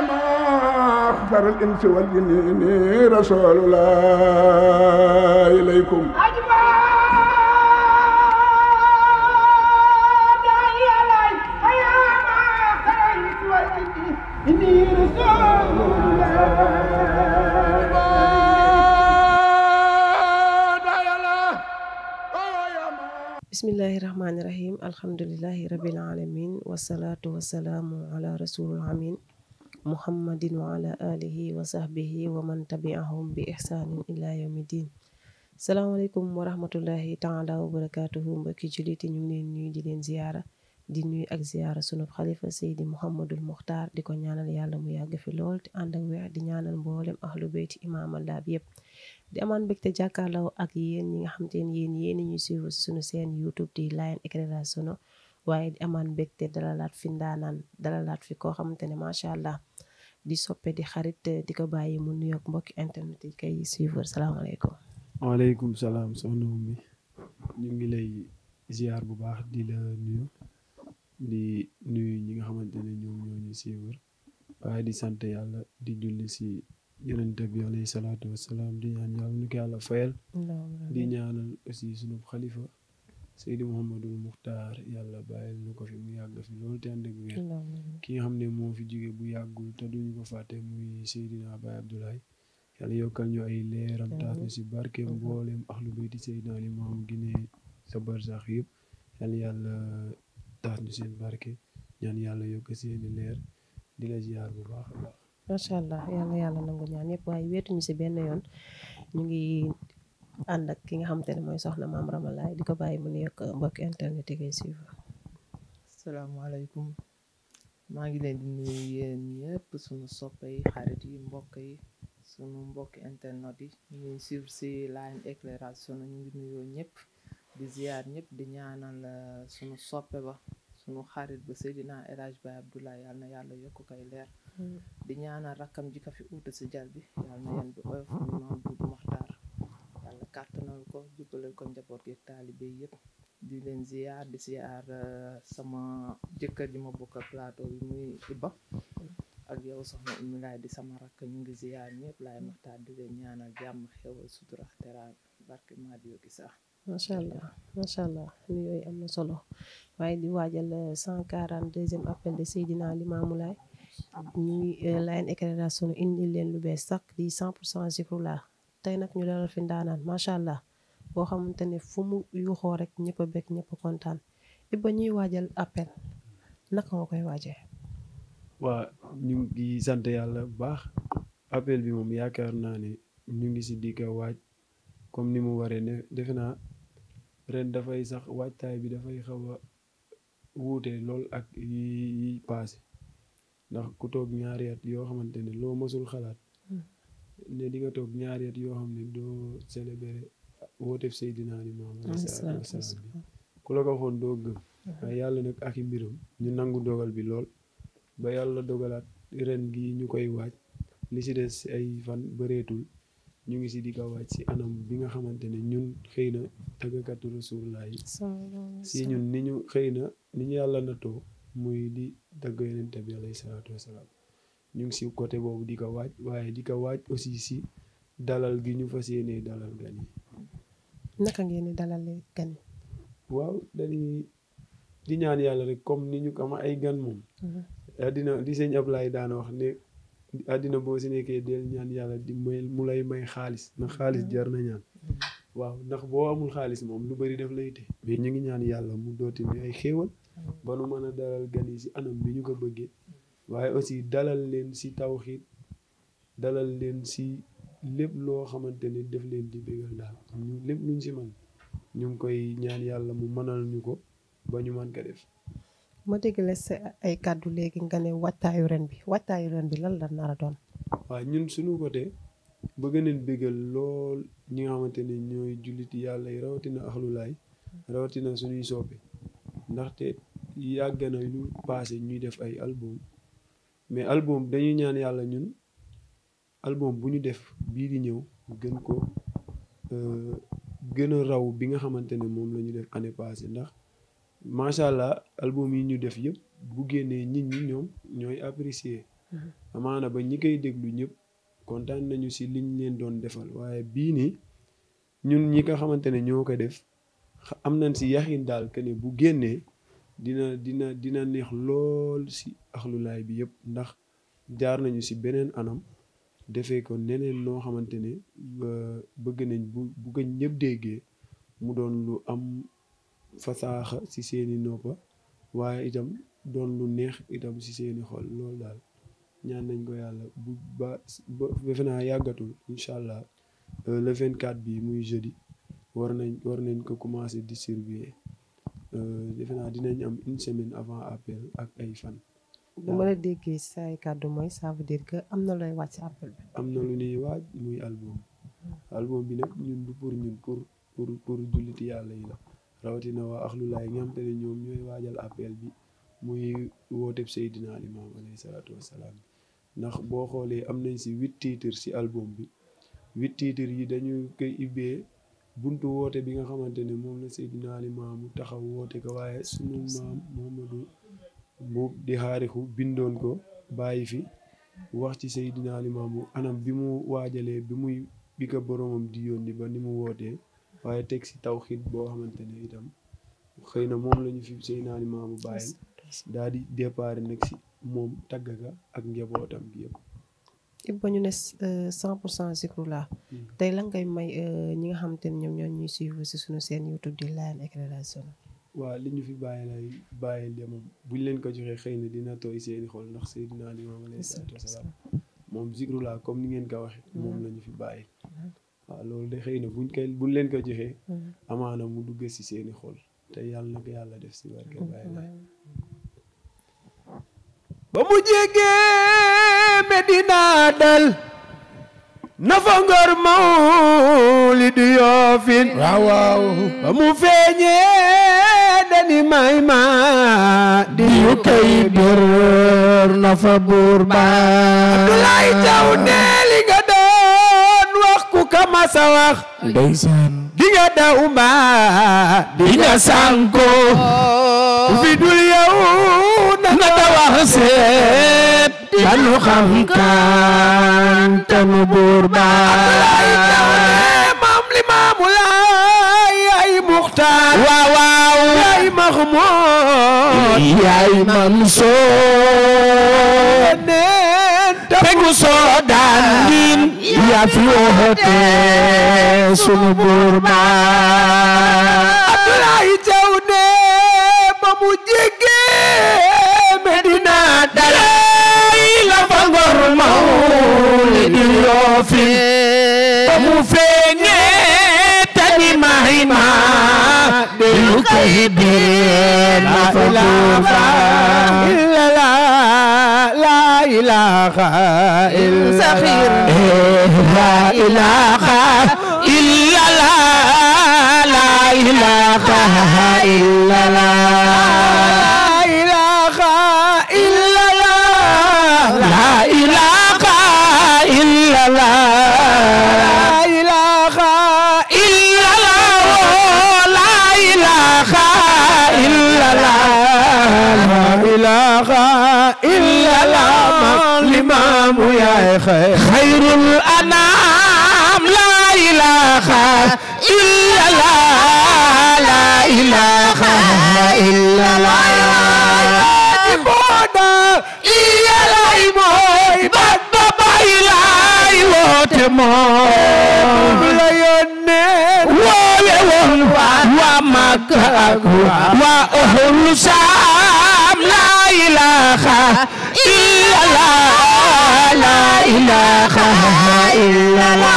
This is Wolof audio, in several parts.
ما أخبر الإنس والجن رسول الله إليكم بسم الله الرحمن الرحيم الحمد لله رب العالمين والصلاة والسلام على رسول العمين محمد وعلى آله وصحبه ومن تبعهم بإحسان إلى يوم الدين salaamaaleykum wa rahmatullahi taala wa barakaatuhu mbokki jullit yi ñu ngi leen nuyu di leen ziyaara di nuyu ak ziyaara sunu xalifa Seydi Mouhamadul Muxtaar di ko ñaanal yàlla mu yàgg fi lool te ànd ak weex di ñaanal mboolem ahlu beyti imaam Allah bi yëpp di amaan mbégte jàkkaarloo ak yéen ñi nga xam te ne yéen yéen ñuy suivre sunu seen YouTube di Layen Éclairage Sono waaye di amaan mbégte dalalaat fi ndaanaan dalalaat fi koo xamante ne macha allah. di soppe di xarit di ko bàyyi mu nuyoog mbokki internet yi kay suivre salaamaaleykum. waaleykum salaam soxna Oumy ñu ngi lay giar bu baax di la nuyu di nuyu ñi nga xamante ne ñoom ñoo ñu waaye di sant yàlla di julli si yonente bi alayhi salaatu wasalaam di ñaan yàlla nu ko yàlla fayal. di ñaanal aussi sunu xalifa. Seydi Mouhamadou Mukhtar yàlla bàyyil ñu ko fi mu yàgg fi loolu te ànd ak wér ki nga xam ne moo fi jóge bu yàggul te duñu ko fàtte muy Seydina Baye Abdoulaye yàlla yokkal ñu ay leeram taas ñu si barke mboolem ahlu bayti Seydina Limaamu Gine sa barsax yëpp yàlla yàlla taas ñu seen barke ñaan yàlla yokk seeni leer di la bu baax a allah yàlla yàlla nangu ñaan yëpp waaye weetuñu si benn yoon ñu ngi ànd ak ki nga xamante ne mooy soxna maam Ramalaay di ko bàyyi mu nuyoog mbokki internet yi ngay suivre. salaamaaleykum maa ngi leen di nuyu yéen ñëpp suñu yi xarit mbokk yi suñu mbokki internet yi ñuy suivre ci Line Éclairage sunu ñu ngi nuyoo ñëpp di ziar ñëpp di ñaanal euh, suñu soppe ba suñu xarit ba Seydina El Hadj Baye Abdoulaye yal na yàlla yokk koy leer mm. di ñaanal rakkam ji fi uuta si jal bi yal na yéen bi oyof ñu kàttanal ko jubbalal ko njaboot gi taalibe yëpp di leen ziar di ziar euh, sama jëkkër ji ma bokk plateau yi muy Iba ak yow soxna Oumy Laye di sama rakk ñu ngi ziar ñëpp laay maxtaar di leen ñaanal jàmm xewal sutura teraanga barke Madio Gissa macha allah macha allah ni yooyu am na solo waaye di waajal 142e euh, appel de Seydina Limamou Laye ñuy euh, Layeen éclairage sunu indi leen lu bees sax di cent pour cent Zikroullah tey nag ñu dalal fi ndaanaan macha allah boo xamante ne fu mu yuuxoo rek ñëpp bekk bég ñëpp a kontaan Iba ñuy waajal appel naka nga koy waajee. waa ñu ngi sant yàlla bu baax appel bi moom yaakaar naa ne ñu ngi si di ko waaj comme ni mu waree ne defe naa ren dafay sax waajtaay bi dafay xaw a wuute lool ak yi yi paase ndax ku toog ñaari at yoo xamante ne loo mësul xalaat. Hmm. ne di nga toog ñaari yoo xam ne doo célébrer wooteef Seydina Ali Muhammad alayhi salaam bi ku la waxoon doo nag ak i ñu nangu dogal bi lool ba yàlla dogalaat ren gi ñu koy waaj li si des ay fan bëreetul ñu ngi si di ko waaj si anam bi nga xamante ne ñun xëy na tàggakatu Rasulullah yi ni ñu xëy na ni ñu yàlla natoo muy di tagg yonente bi alayhi ñu ngi si côté boobu di ko waaj waaye di ko waaj aussi si dalal gi ñu fas yéene dalal gan yi naka ngeen di dalale gan waaw dañuy di ñaan yàlla rek comme ni ñu am ay gan moom adina mhm. di sëñ Ablaay daan wax ne adina boo si nekkee del ñaan yàlla di may mu lay may xaalis na xaalis mhm. jar na ñaan mhm. waaw ndax boo amul xaalis moom lu bari def lay te mais ñu ngi ñaan yàlla mu dooti ay xéewal ba nu mën dalal gan yi si anam bi ñu ko bëggee waaye aussi dalal leen si tawxiit dalal leen si lépp loo xamante ne def leen di bégal daal lépp luñ si man ñu ngi koy ñaan yàlla mu mënal ñu ko ba ñu mën ko def. ma dégg la sa ay kàddu léegi nga ren bi wattaayu ren bi lan la nar a ñun suñu côté bëgg nañ bégal lool ñi nga xamante ne ñooy julliti yàlla rawatina axlulaay rawatina suñuy soppe ndaxte yàgg na lu paase ñuy def ay album mais albom dañuy ñaan yàlla ñun album bu ñu def bii di ñëw gën ko euh, gën a raw bi nga xamante ne moom la ñu def année passée ndax macha allah album yi ñu def yëpp bu génnee ñi ñi ñoom ñooy apprécier mm-hmm. amaana ba ñi koy déglu ñëpp kontaan nañu si liñ leen doon defal waaye bii nii ñun ñi nga xamante ne ñoo ko def am nañ si yaxin daal que ne bu génnee dina dina dina neex lool si axlulaay bi yëpp ndax jaar nañu si beneen anam defee ko neneen noo xamante ne bëgg nañ bu bu ko ñëpp déggee mu doon lu am fasaaxa si seeni noppa waaye itam doon lu neex itam si seeni xol loolu daal ñaan nañ ko yàlla bu ba ba defe naa yàggatul incha allah euh, le 24 bi muy jeudi war nañ war nañ ko commencé distribuer Euh, defe naa dinañ am une semaine avant appel ak ay fan. bu ma la déggee say kàddu am na looy wàcc appel bi. am na lu ñuy waaj muy album. album bi nag ñun du pour ñun pour pour pour julliti yàlla yi la rawatina waa axlulaay nga xam te ne ñoom ñooy waajal appel bi muy wooteeb Seydina Limaam alayhi salaatu wasalaam ndax boo xoolee am nañ si huit titres si album bi huit titres yi dañu koy ubbee. buntu woote bi nga xamante ne moom la Seydina Ali Maamu taxaw woote ko waaye sunu maam Muhammadu Mbuub di xaarixu bindoon ko bàyyi fi wax ci Seydina Ali Maamu anam bi mu waajalee bi muy bi ko boromam di yónni ba ni mu wootee waaye teg si tawxiid boo xamante ne itam xëy na moom lañu ñu fi Seydina Ali Maamu bàyyi daal di départ nag si moom tagg ka ak njabootam gi yëpp. if ba ñu ne 100% euh, Zikroullah mm. tey lan kay may euh, ñi nga xamante ne ñoom ñoo ñu suivre si suñu seen YouTube di Layane Éclairage National. waaw li ñu fi bàyyi lay bàyyi dem bu ñu leen ko joxee xëy na dina tooy seeni xol ndax Seydina Limaamu Laay salaatu wasalaam moom Zikroullah comme ni ngeen ko waxee. moom la ñu fi bàyyi. Mm-hmm. waaw loolu de xëy na buñ koy buñ leen ko joxee. Mm-hmm. amaana mu dugg si seeni xol te yàlla na yàlla def si barke bàyyi lay mm-hmm. ba mu jege. dina dal nafa ngor mawlid yoofin waaw waaw ba mu feeñee dani may ma di yu kay bir nafa buur ba Abdoulaay Jaw nee li nga doon wax ku ka masa wax ndeysaan di nga daw ma di nga sànko fi dul yow na nga tanu xam kan tanu buur ba maam li maamu laay ay muxtaar waaw waaw yaay maxmood yaay mansoor fegu soo daan din yaa fi woote sunu buur ba Abdoulaye di yoofin ba mu feeñee tani may ma dellu kay biir ma fa duufa illa la la ilaha illa saxir la eh, ilaha illa la la ilaha illa la خير الأنام لا إله إلا الله لا إله إلا الله وأهل سام لا إله إلا الله لا إله إلا الله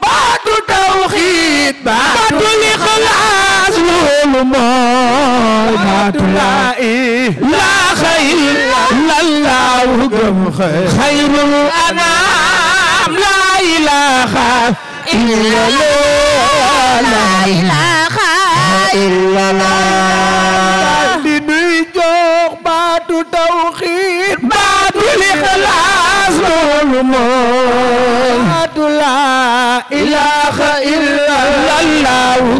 baatu tawxiid baatu lixlaas loolu mooy baatu laa ilaaha illallaah gëm xayrul anaam laa ilaaha illallaah laa ilaaha illallaah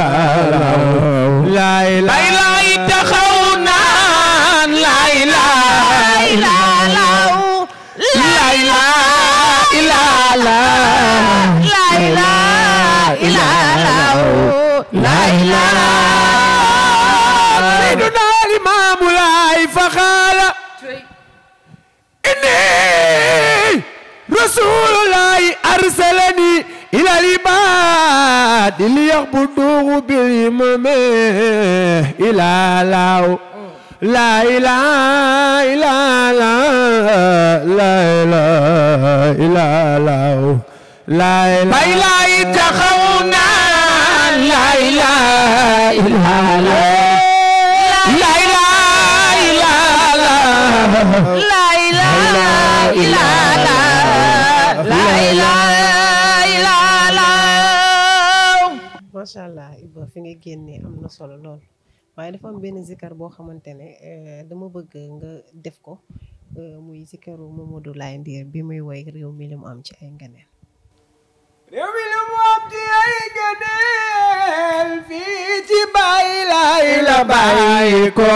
لا لا لا تخونا لا لا لا لا لا لا لا لا لا سيدنا الإمام لاي فقال إني رسول الله أرسلني إلى الإمام ليعبدوه باليمم إلى لاو لا إله إلا لا لا إله إلا لاو لا إله إلا تخونا لا إله إلا لا لا إله إلا لا ngay am na solo lool waaye dafa am benn zikar boo xamante ne eh, dama bëgg nga def ko eh, muy zikaru Mamadou Laye Ndir bi muy woy réew mi li mu am ci ay ngeneel fii ci bàyyi laay la bàyyi ko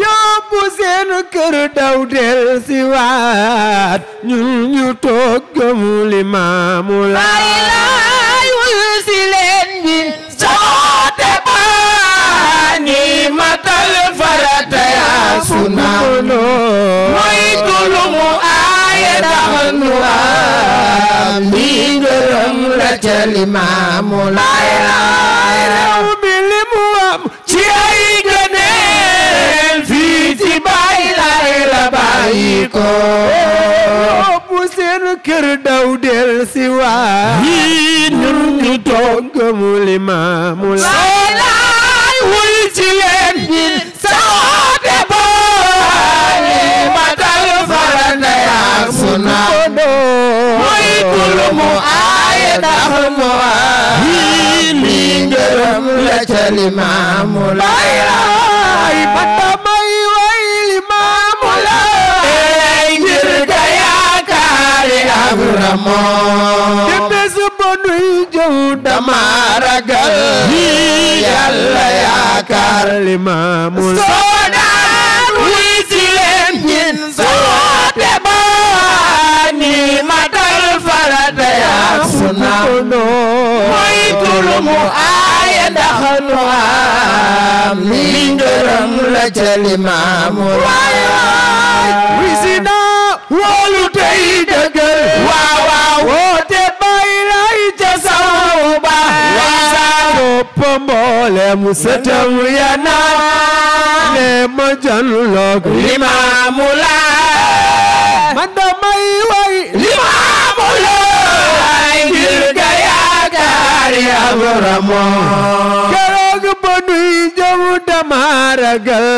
yóbbu seen kër daw del si waat ñun ñu toog gëmu li maamu sunanu mooy tulu mu aaye tax nu am bi gërëm la ca limaamu laay rew mi li mu am ci ay gëneel fii ci baay laay la bàyyi ko bu seen kër daw del si waa yii ñun ñu toog gëmu limaamu laay laay wul ci leen bi limaamu lay lay bata may way limaamu lay ngir ga yaakaari ab ramoon te bés ba nuy jëw dama ragal yàlla yaakaar limaamu lay soo daan سوات باني مدل فرد يا سنا ويتل مؤايا دخلها من درم لجل مامور ويزنا ولو تيدك واوا ووتي بايلاي تساوبا وزارو بمبولي مستم ينام ne ma janlog Limaamu Laay man damay way Limaamu ga yaakaari am ramo keroog ba nuy jëm dama ragal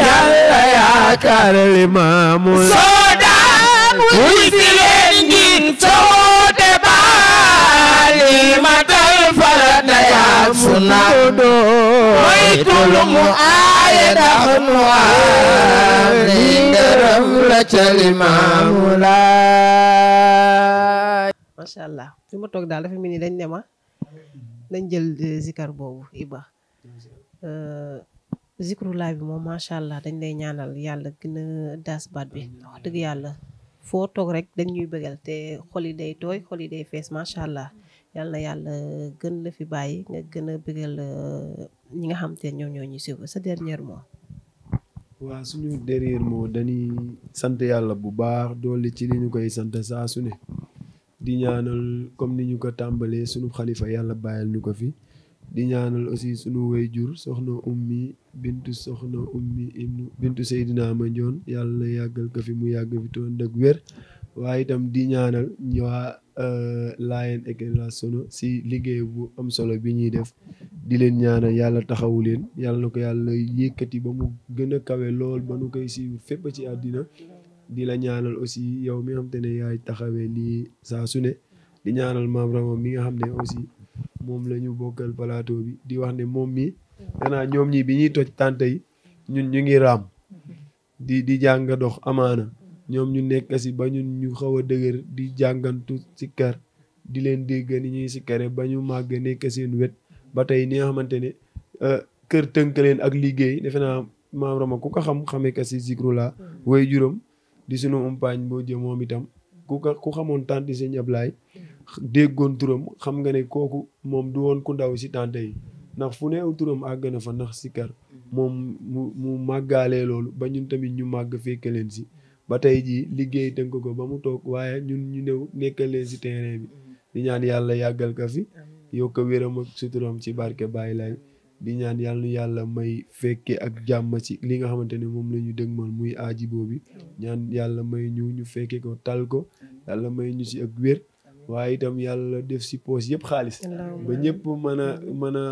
Yàlla yaakaar Limaamu Laay soo daan wuy si leen ngir soo te baal matal faral ak sunna mooy tulu mu aaye dax nu am ni ngërëm la ca Limaamu Laay macha allah fi ma toog daal dafa mel ni dañ dema dañ jël euh, zikar boobu Iba euh, zikrulaay bi moom macha allah dañ lay ñaanal yàlla gën a daas baat bi wax dëgg yàlla foo toog rek dañ ñuy bëggal te xol yi day tooy xol yi day fees macha allah. yàlla yàlla gën la fi bàyyi nga gën a bëggal euh, ñi nga xam te ñoom ñoo ñu suivre sa dernier mot. waaw suñu dernier mot dañuy sant yàlla bu baax doole ci li ñu koy sant saa su ne di ñaanal comme ni ñu ko tàmbalee suñu xalifa yàlla bàyyil nu ko fi di ñaanal aussi suñu wayjur soxna ummi bintu soxna ummi ibnu bintu Seydina Mandione yàlla yàggal ko fi mu yàgg fi toon dëgg wér waaye itam di ñaanal Euh, Laayeen ak la sono si liggéey bu am solo bi ñuy def di leen ñaanal yàlla taxawu leen yàlla na ko yàlla yëkkati ba mu gën a kawe lool ba nu koy si fépp ci àddina di la ñaanal aussi yow mi nga xam ne taxawee lii saa su di ñaanal maam mi nga xam ne aussi moom lañu ñu bokkal plateau bi di wax ne moom mi xanaa ñoom ñi bi ñuy toj tànte yi ñun ñu ngi raam di di jàng dox amaana ñoom ñu nekk si ba ñun ñu xaw a dëgër di jàngantu sikkar di leen dégg ni ñuy sikkare ba ñu màgg nekk seen wet ba tey ni nga xamante ne euh, kër tënk leen ak liggéey defe naa maam Rama ku ko xam xamee ka si zikru la mm. way juróom di sunu umpaañ boo jë itam ku ko ku xamoon tante sëñ Ablaay déggoon turam xam nga ne kooku moom du woon ku ndaw si tante yi ndax fu neew turam àgg na fa ndax si sikkar mm. moom mu mu màggaalee loolu ba ñun tamit ñu màgg fekke leen si ba tey jii liggéey tënk ko ba mu toog waaye ñun ñu new nekkaleen si terrain bi di ñaan yàlla yàggal ka fi yokk ko wéram ak suturam ci barke bàyyi Laye di ñaan yàlla yàlla may fekke ak jàmm ci li nga xamante ne moom la ñu dëgmal muy aaji boobi ñaan yàlla may ñu ñu fekke ko tal ko yàlla may ñu si ak wér waaye itam yàlla def si poos yëpp xaalis ba ñëpp mën a mën a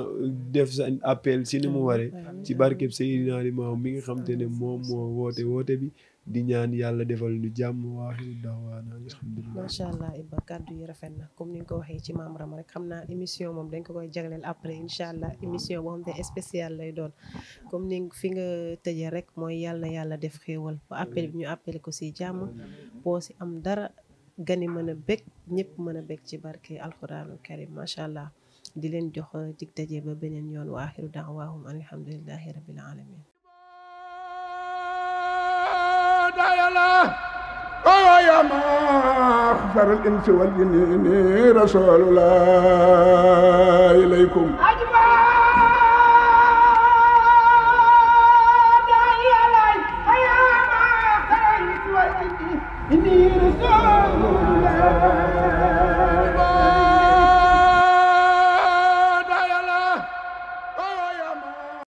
def sa appel si ni mu waree ci barkeb Seydina Limaamu mi nga xamante ne moom moo woote woote bi di ñaan yàlla defal ñu jàmm waaxiru daawaana alhamdulilah macha allah Iba kàddu yi rafet na comme ni nga ko waxee ci maam Rama rek xam naa émission moom dañ ko koy jagleel après incha allah émission boo xam ne lay doon comme ni fi nga tëjee rek mooy yàlla yàlla def xéewal ba appel bi ñu appelé ko si jàmm boo si am dara gani mën a bég ñëpp mën a bég ci barke alquranu karim macha allah di leen jox dig daje ba beneen yoon waaxiru daawahum alhamdulilahi rabbil أيوة يا له أو يا مخفر الإنس والجن رسول الله إليكم